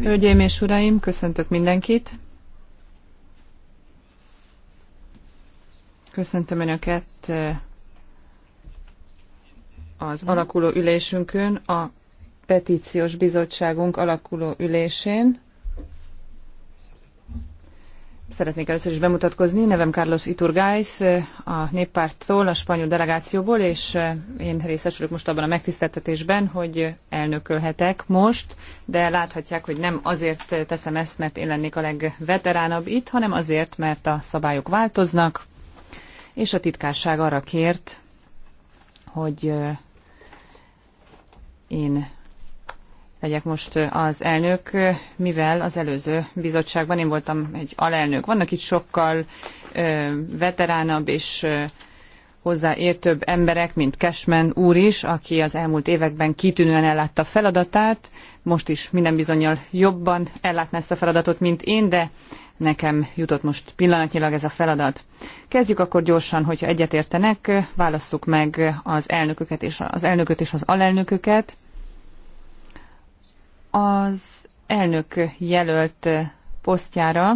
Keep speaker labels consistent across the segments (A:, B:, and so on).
A: Hölgyeim
B: és uraim, köszöntök mindenkit. Köszöntöm Önöket eh, az alakuló ülésünkön, a petíciós bizottságunk alakuló ülésén. Szeretnék először is bemutatkozni. Nevem Carlos Iturgaiz, a néppárttól, a spanyol delegációból, és eh, én részesülök most abban a megtiszteltetésben, hogy elnökölhetek most, de láthatják, hogy nem azért teszem ezt, mert én lennék a legveteránabb itt, hanem azért, mert a szabályok változnak, és a titkárság arra kért, hogy eh, én legyek most az elnök, mivel az előző bizottságban én voltam egy alelnök. Vannak itt sokkal veteránabb és hozzáértőbb emberek, mint Cashman úr is, aki az elmúlt években kitűnően ellátta feladatát. Most is minden bizonyal jobban ellátná ezt a feladatot, mint én, de nekem jutott most pillanatnyilag ez a feladat. Kezdjük akkor gyorsan, hogyha egyetértenek, válasszuk meg az elnököket és az elnököt és az alelnököket az elnök jelölt posztjára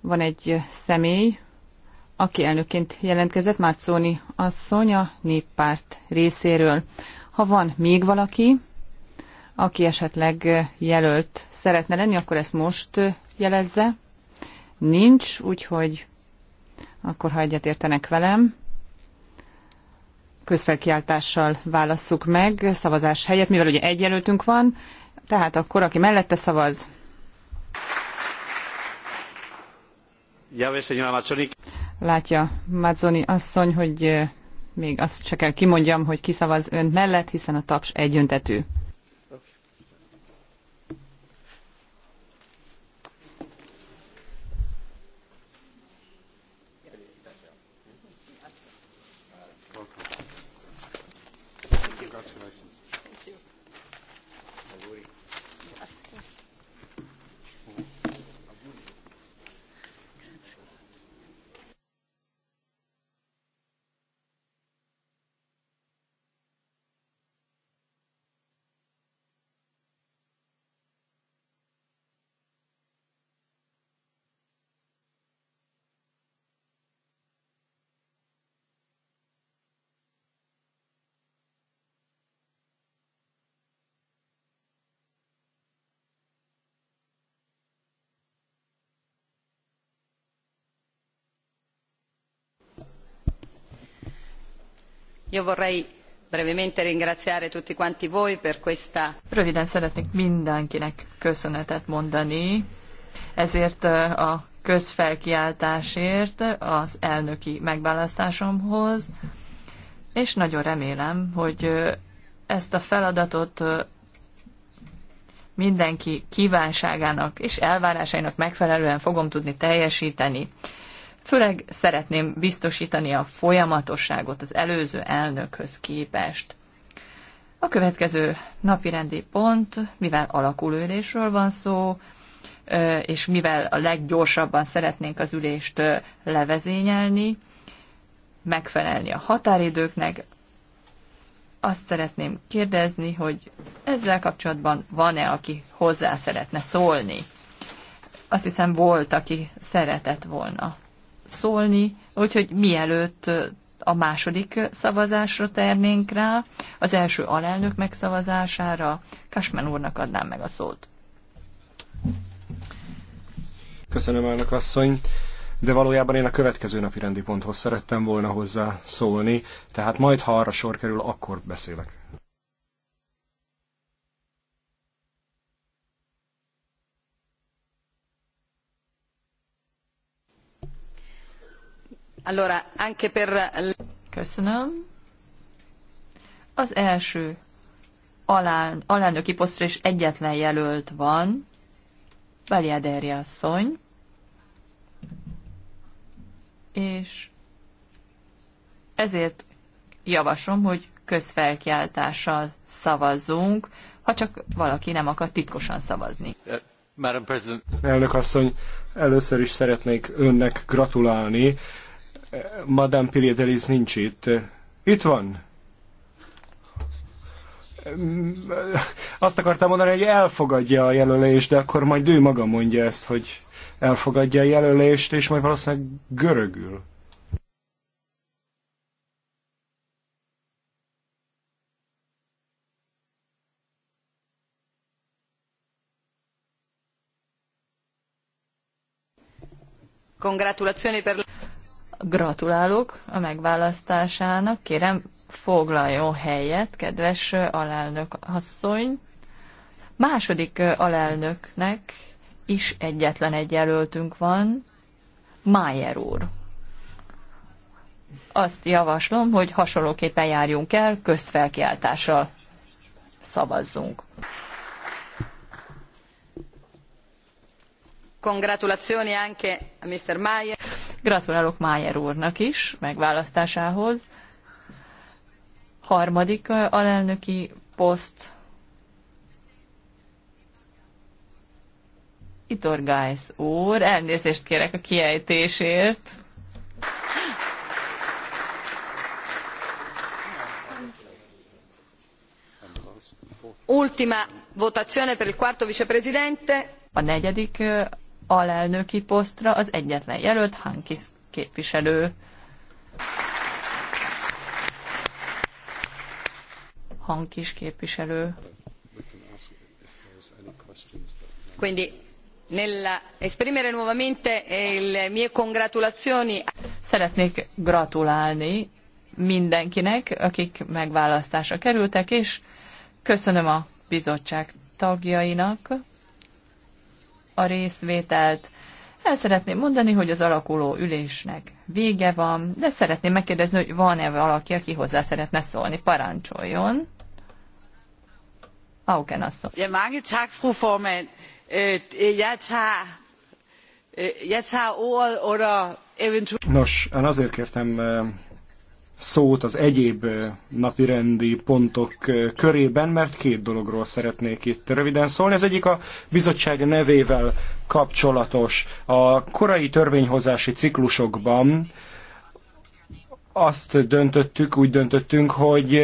B: van egy személy, aki elnökként jelentkezett, Mátszóni asszony a néppárt részéről. Ha van még valaki, aki esetleg jelölt szeretne lenni, akkor ezt most jelezze. Nincs, úgyhogy akkor ha egyetértenek velem, közfelkiáltással válasszuk meg szavazás helyett, mivel ugye egy jelöltünk van, tehát akkor aki mellette szavaz. Látja Mazzoni asszony, hogy eh, még azt se kell kimondjam, hogy kiszavaz ön mellett, hiszen a taps egyöntetű.
C: io vorrei brevemente ringraziare tutti quanti voi per questa.
D: Röviden szeretnék mindenkinek köszönetet mondani ezért eh, a közfelkiáltásért az elnöki megválasztásomhoz, és nagyon remélem, hogy eh, ezt a feladatot eh, mindenki kívánságának és elvárásainak megfelelően fogom tudni teljesíteni. Főleg szeretném biztosítani a folyamatosságot az előző elnökhöz képest. A következő napi rendi pont, mivel alakulőlésről van szó, és mivel a leggyorsabban szeretnénk az ülést levezényelni, megfelelni a határidőknek, azt szeretném kérdezni, hogy ezzel kapcsolatban van-e, aki hozzá szeretne szólni? Azt hiszem volt, aki szeretett volna szólni, úgyhogy mielőtt a második szavazásra térnénk rá, az első alelnök megszavazására Kasmen úrnak adnám meg a szót.
A: Köszönöm, elnök asszony de valójában én a következő napi rendi ponthoz szerettem volna hozzá szólni, tehát majd ha arra sor kerül, akkor beszélek
C: Allora, anche per...
D: Köszönöm. Az első alán, alányoki posztra is egyetlen jelölt van. Beliaderi asszony. És ezért javaslom, hogy közfelkiáltással szavazzunk, ha csak valaki nem akar titkosan szavazni.
A: Uh,
C: Madam President.
A: Elnök asszony, először is szeretnék önnek gratulálni Madame Piriedelis nincs itt. Itt van. Azt akartam mondani, hogy elfogadja a jelölést, de akkor majd ő maga mondja ezt, hogy elfogadja a jelölést, és majd valószínűleg görögül.
C: Congratulazioni per
D: Gratulálok a megválasztásának. Kérem, foglaljon helyet, kedves alelnök asszony. Második alelnöknek is egyetlen egy jelöltünk van, Májer úr. Azt javaslom, hogy hasonlóképpen járjunk el, közfelkiáltással szavazzunk.
C: Congratulazioni anche a Mr. Mayer.
D: Gratulálok Májer úrnak is megválasztásához. Harmadik alelnöki poszt. Itor Geis úr, elnézést kérek a kiejtésért.
C: Ultima votazione per il quarto vicepresidente.
D: A negyedik alelnöki posztra az egyetlen jelölt Hankis képviselő.
C: Hankis képviselő. Quindi esprimere nuovamente eh, le mie congratulazioni.
D: Szeretnék gratulálni mindenkinek, akik megválasztásra kerültek, és köszönöm a bizottság tagjainak, a részvételt. El szeretném mondani, hogy az alakuló ülésnek vége van, de szeretném megkérdezni, hogy van-e valaki, aki hozzá szeretne szólni. Parancsoljon. Auken asszony. Ja, mange tak, fru formand. Øh, øh, jeg tager, øh, jeg tager ordet under eventuelt...
A: Nos, én azért kértem szót az egyéb napirendi pontok körében, mert két dologról szeretnék itt röviden szólni. Ez egyik a bizottság nevével kapcsolatos. A korai törvényhozási ciklusokban azt döntöttük, úgy döntöttünk, hogy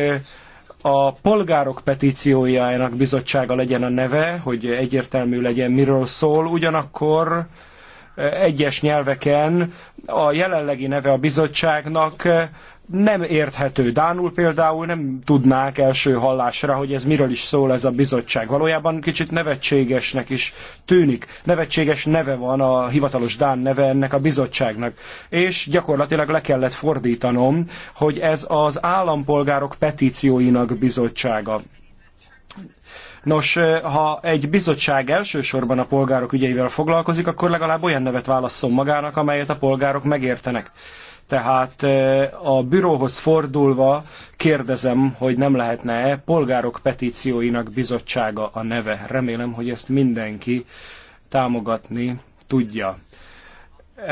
A: a polgárok petíciójának bizottsága legyen a neve, hogy egyértelmű legyen, miről szól, ugyanakkor egyes nyelveken a jelenlegi neve a bizottságnak nem érthető. Dánul például nem tudnák első hallásra, hogy ez miről is szól ez a bizottság. Valójában kicsit nevetségesnek is tűnik. Nevetséges neve van, a hivatalos Dán neve ennek a bizottságnak. És gyakorlatilag le kellett fordítanom, hogy ez az állampolgárok petícióinak bizottsága. Nos, eh, ha egy bizottság elsősorban a polgárok ügyeivel foglalkozik, akkor legalább olyan nevet válasszon magának, amelyet a polgárok megértenek. Tehát eh, a büróhoz fordulva kérdezem, hogy nem lehetne-e polgárok petícióinak bizottsága a neve. Remélem, hogy ezt mindenki támogatni tudja.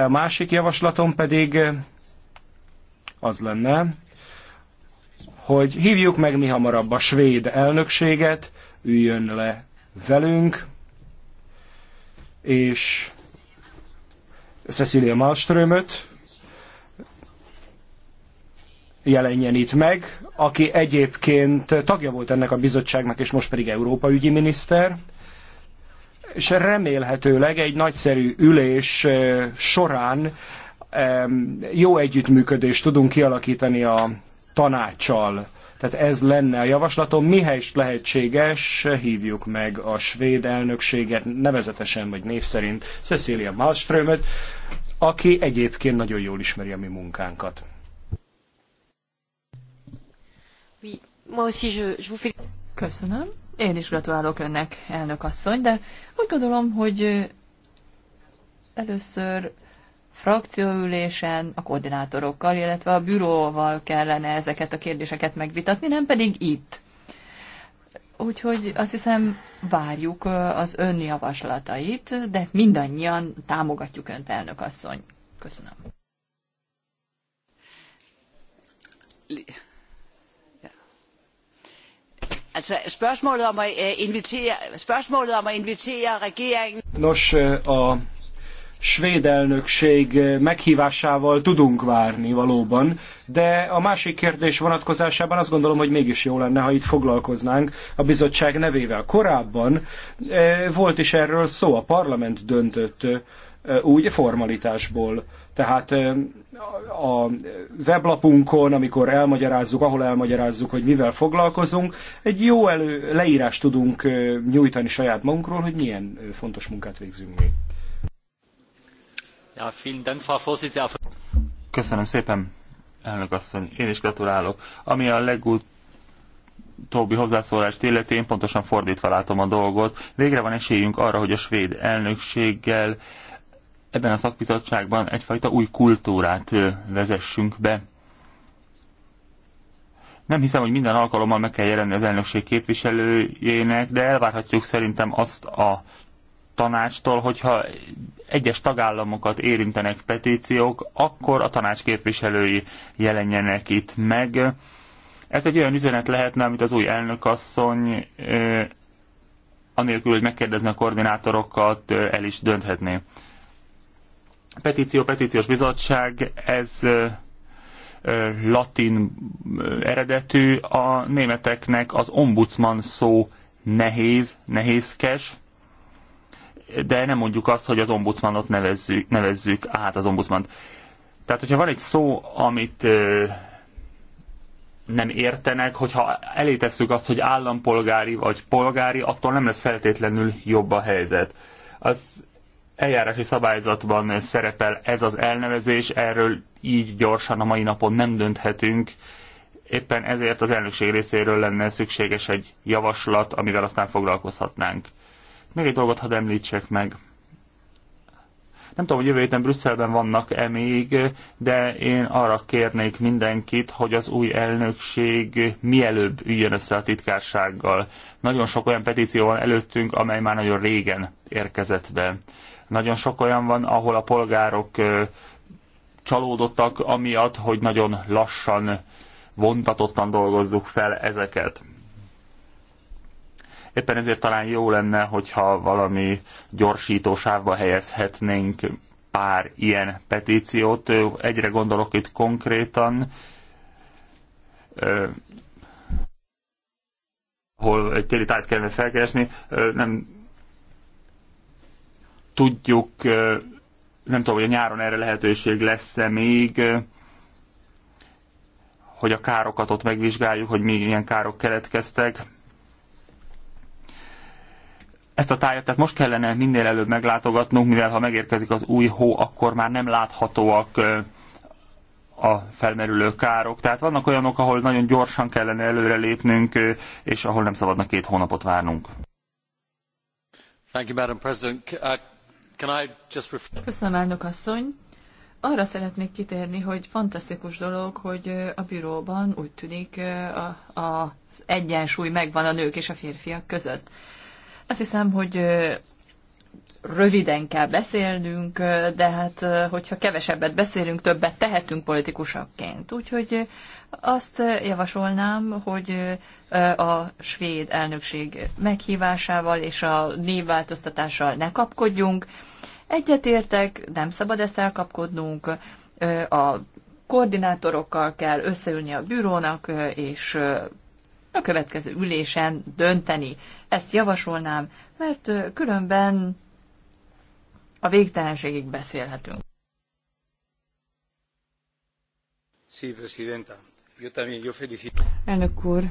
A: A másik javaslatom pedig eh, az lenne, hogy hívjuk meg mi hamarabb a svéd elnökséget, üljön le velünk, és Cecilia Malmströmöt jelenjen itt meg, aki egyébként tagja volt ennek a bizottságnak, és most pedig Európa ügyi miniszter, és remélhetőleg egy nagyszerű ülés eh, során jó együttműködést tudunk kialakítani a tanácsal. Tehát ez lenne a javaslatom. Mihely is lehetséges, hívjuk meg a svéd elnökséget, nevezetesen vagy név szerint Cecilia Malmströmöt, aki egyébként nagyon jól ismeri a mi munkánkat.
D: Köszönöm. Én is gratulálok önnek, elnök asszony, de úgy gondolom, hogy először frakcióülésen, a koordinátorokkal, illetve a büróval kellene ezeket a kérdéseket megvitatni, nem pedig itt. Úgyhogy azt hiszem, várjuk az ön javaslatait, de mindannyian támogatjuk önt, elnök asszony. Köszönöm. Øh,
A: Nos, a svéd elnökség meghívásával tudunk várni valóban, de a másik kérdés vonatkozásában azt gondolom, hogy mégis jó lenne, ha itt foglalkoznánk a bizottság nevével. Korábban eh, volt is erről szó, a parlament döntött eh, úgy formalitásból. Tehát eh, a weblapunkon, amikor elmagyarázzuk, ahol elmagyarázzuk, hogy mivel foglalkozunk, egy jó elő leírást tudunk nyújtani saját magunkról, hogy milyen fontos munkát végzünk mi. Köszönöm
E: szépen, elnök asszony. Én is gratulálok. Ami a legutóbbi hozzászólást illeti, én pontosan fordítva látom a dolgot. Végre van esélyünk arra, hogy a svéd elnökséggel ebben a szakbizottságban egyfajta új kultúrát vezessünk be. Nem hiszem, hogy minden alkalommal meg kell jelenni az elnökség képviselőjének, de elvárhatjuk szerintem azt a tanácstól, hogyha egyes tagállamokat érintenek petíciók, akkor a tanács képviselői jelenjenek itt meg. Ez egy olyan üzenet lehetne, amit az új elnökasszony anélkül, hogy megkérdezne a koordinátorokat, el is dönthetné. Petíció, petíciós bizottság, ez latin eredetű, a németeknek az ombudsman szó nehéz, nehézkes, de nem mondjuk azt, hogy az ombudsmanot nevezzük, nevezzük át az ombudsmant. Tehát, hogyha van egy szó, amit nem értenek, hogyha elétesszük azt, hogy állampolgári vagy polgári, attól nem lesz feltétlenül jobb a helyzet. Az eljárási szabályzatban szerepel ez az elnevezés, erről így gyorsan a mai napon nem dönthetünk. Éppen ezért az elnökség részéről lenne szükséges egy javaslat, amivel aztán foglalkozhatnánk. Még egy dolgot hadd említsek meg. Nem tudom, hogy jövő héten Brüsszelben vannak-e még, de én arra kérnék mindenkit, hogy az új elnökség mielőbb üljön össze a titkársággal. Nagyon sok olyan petíció van előttünk, amely már nagyon régen érkezett be. Nagyon sok olyan van, ahol a polgárok csalódottak amiatt, hogy nagyon lassan, vontatottan dolgozzuk fel ezeket. Éppen ezért talán jó lenne, hogyha valami gyorsítósávba helyezhetnénk pár ilyen petíciót. Egyre gondolok itt konkrétan, ahol egy téli tájt kellene felkeresni, nem tudjuk, nem tudom, hogy a nyáron erre lehetőség lesz-e még, hogy a károkat ott megvizsgáljuk, hogy milyen károk keletkeztek ezt a tájat tehát most kellene minél előbb meglátogatnunk, mivel ha megérkezik az új hó, akkor már nem láthatóak a felmerülő károk. Tehát vannak olyanok, ahol nagyon gyorsan kellene előrelépnünk, és ahol nem szabadna két hónapot várnunk.
C: Thank you, Madam President. Uh, can I just
D: Köszönöm, elnök asszony. Arra szeretnék kitérni, hogy fantasztikus dolog, hogy a büróban úgy tűnik a, a, az egyensúly megvan a nők és a férfiak között. Azt hiszem, hogy röviden kell beszélnünk, de hát hogyha kevesebbet beszélünk, többet tehetünk politikusakként. Úgyhogy azt javasolnám, hogy a svéd elnökség meghívásával és a névváltoztatással ne kapkodjunk. Egyetértek, nem szabad ezt elkapkodnunk. A koordinátorokkal kell összeülni a bürónak, és a következő ülésen dönteni. Ezt javasolnám, mert különben a végtelenségig beszélhetünk.
A: Sí, presidenta. Yo también, yo felicito.
B: Elnök úr,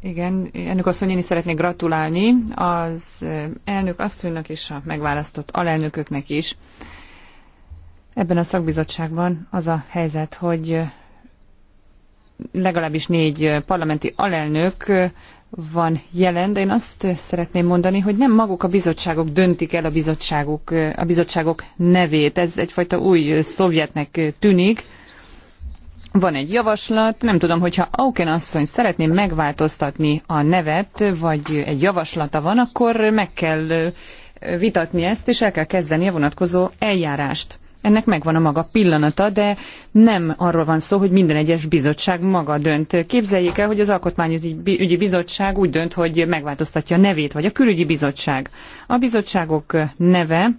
B: igen, elnök asszony, én is szeretnék gratulálni az elnök asszonynak és a megválasztott alelnököknek is. Ebben a szakbizottságban az a helyzet, hogy legalábbis négy parlamenti alelnök van jelen, de én azt szeretném mondani, hogy nem maguk a bizottságok döntik el a bizottságok, a bizottságok nevét. Ez egyfajta új szovjetnek tűnik. Van egy javaslat, nem tudom, hogyha Auken asszony szeretné megváltoztatni a nevet, vagy egy javaslata van, akkor meg kell vitatni ezt, és el kell kezdeni a vonatkozó eljárást ennek megvan a maga pillanata, de nem arról van szó, hogy minden egyes bizottság maga dönt. Képzeljék el, hogy az Alkotmányügyi Bizottság úgy dönt, hogy megváltoztatja a nevét, vagy a Külügyi Bizottság. A bizottságok neve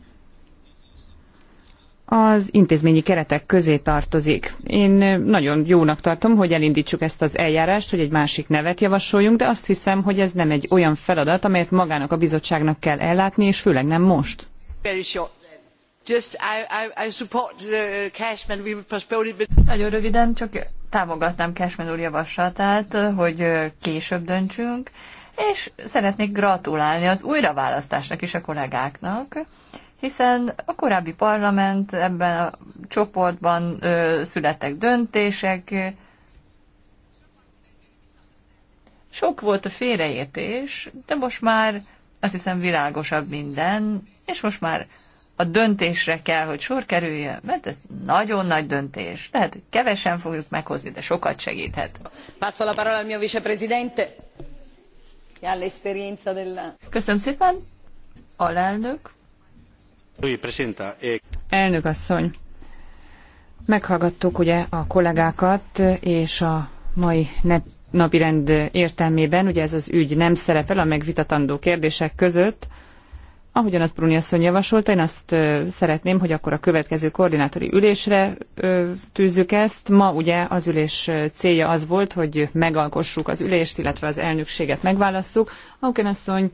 B: az intézményi keretek közé tartozik. Én nagyon jónak tartom, hogy elindítsuk ezt az eljárást, hogy egy másik nevet javasoljunk, de azt hiszem, hogy ez nem egy olyan feladat, amelyet magának a bizottságnak kell ellátni, és főleg nem most.
D: Nagyon röviden, csak támogatnám Cashman úr javaslatát, hogy később döntsünk, és szeretnék gratulálni az újraválasztásnak is a kollégáknak, hiszen a korábbi parlament ebben a csoportban ö, születtek döntések, sok volt a félreértés, de most már azt hiszem világosabb minden, és most már a döntésre kell, hogy sor kerüljön, mert ez nagyon nagy döntés. Lehet, hogy kevesen fogjuk meghozni, de sokat segíthet.
C: Passo la parola al mio vicepresidente, che della...
D: Köszönöm szépen, alelnök.
A: E-
B: Elnök asszony, meghallgattuk ugye a kollégákat, és a mai napirend értelmében, ugye ez az ügy nem szerepel a megvitatandó kérdések között, Ahogyan azt Bruni asszony javasolta, én azt szeretném, hogy akkor a következő koordinátori ülésre tűzzük ezt. Ma ugye az ülés célja az volt, hogy megalkossuk az ülést, illetve az elnökséget megválasszuk. Ahogyan asszony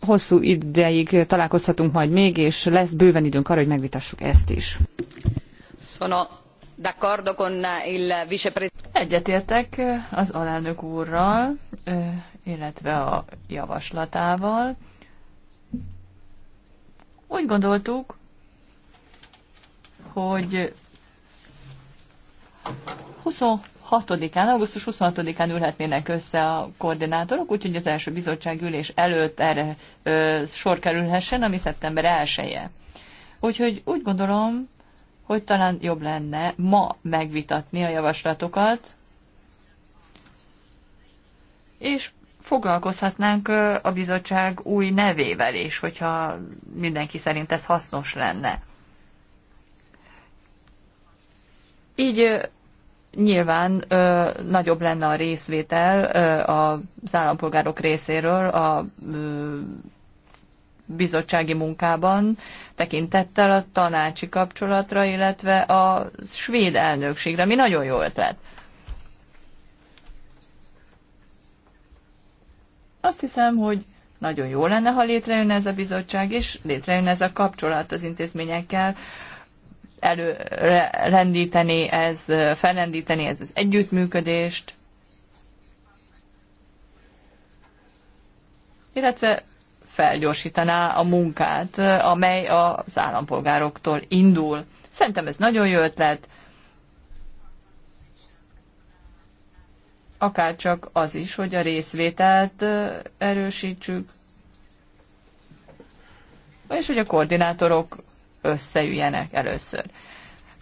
B: hosszú ideig találkozhatunk majd még, és lesz bőven időnk arra, hogy megvitassuk ezt is.
C: Sono d'accordo con il vicepresidente. Egyetértek az alelnök úrral,
D: illetve a javaslatával. Úgy gondoltuk, hogy 26-án, augusztus 26-án ülhetnének össze a koordinátorok, úgyhogy az első bizottságülés előtt erre ö, sor kerülhessen, ami szeptember 1 -e. Úgyhogy úgy gondolom, hogy talán jobb lenne ma megvitatni a javaslatokat, és foglalkozhatnánk a bizottság új nevével is, hogyha mindenki szerint ez hasznos lenne. Így nyilván ö, nagyobb lenne a részvétel ö, az állampolgárok részéről a ö, bizottsági munkában, tekintettel a tanácsi kapcsolatra, illetve a svéd elnökségre, mi nagyon jó ötlet. Azt hiszem, hogy nagyon jó lenne, ha létrejönne ez a bizottság, és létrejönne ez a kapcsolat az intézményekkel, előrendíteni ez, felrendíteni ez az együttműködést, illetve felgyorsítaná a munkát, amely az állampolgároktól indul. Szerintem ez nagyon jó ötlet, csak az is, hogy a részvételt erősítsük, és hogy a koordinátorok összeüljenek először.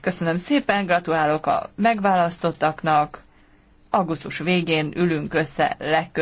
D: Köszönöm szépen, gratulálok a megválasztottaknak. Augusztus végén ülünk össze legközelebb.